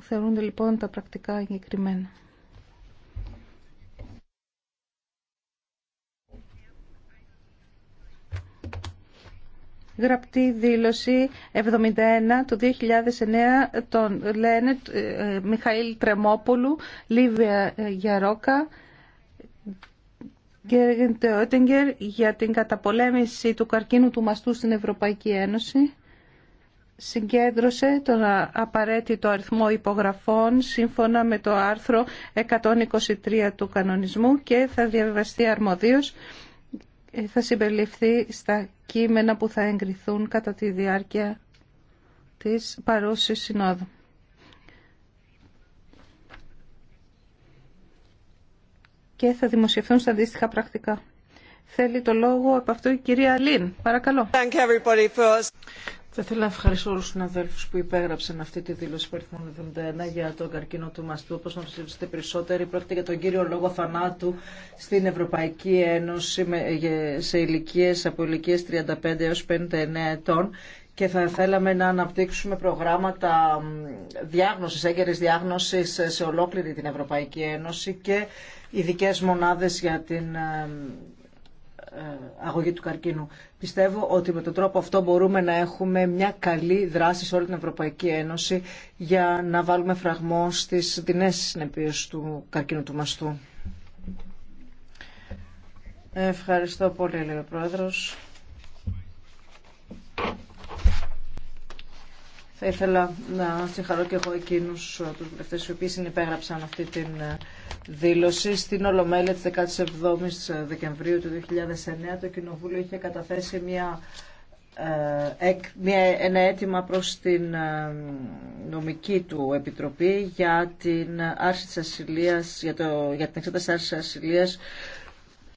Θεωρούνται λοιπόν τα πρακτικά εγκεκριμένα. γραπτή δήλωση 71 του 2009 τον λένε ε, Μιχαήλ Τρεμόπουλου, Λίβια ε, Γιαρόκα και Τεότεγκερ για την καταπολέμηση του καρκίνου του μαστού στην Ευρωπαϊκή Ένωση συγκέντρωσε τον απαραίτητο αριθμό υπογραφών σύμφωνα με το άρθρο 123 του κανονισμού και θα διαβεβαστεί αρμοδίως ε, θα συμπεριληφθεί στα κείμενα που θα εγκριθούν κατά τη διάρκεια της παρούσης συνόδου. Και θα δημοσιευθούν στα αντίστοιχα πρακτικά. Θέλει το λόγο από αυτό η κυρία Λίν. Παρακαλώ. Θα ήθελα να ευχαριστώ όλου του συναδέλφου που υπέγραψαν αυτή τη δήλωση περιθμών 71 για τον καρκίνο του μαστού. Όπω να ψηφίσετε περισσότεροι, πρόκειται για τον κύριο λόγο θανάτου στην Ευρωπαϊκή Ένωση σε ηλικίε από ηλικίε 35 έω 59 ετών και θα θέλαμε να αναπτύξουμε προγράμματα διάγνωσης, έγκαιρης διάγνωσης σε ολόκληρη την Ευρωπαϊκή Ένωση και ειδικέ μονάδες για την ε, ε, αγωγή του καρκίνου. Πιστεύω ότι με τον τρόπο αυτό μπορούμε να έχουμε μια καλή δράση σε όλη την Ευρωπαϊκή Ένωση για να βάλουμε φραγμό στις δεινές συνεπίες του καρκίνου του μαστού. Ευχαριστώ πολύ, λέει Πρόεδρος. Θα ήθελα να συγχαρώ και εγώ εκείνου ε, του βουλευτέ οι οποίοι συνυπέγραψαν αυτή την ε, δήλωση. Στην Ολομέλεια τη 17η ε, Δεκεμβρίου του 2009 το Κοινοβούλιο είχε καταθέσει μια, μια, ένα αίτημα προς την νομική του επιτροπή για την, άρση της για, το, για την εξέταση ασυλίας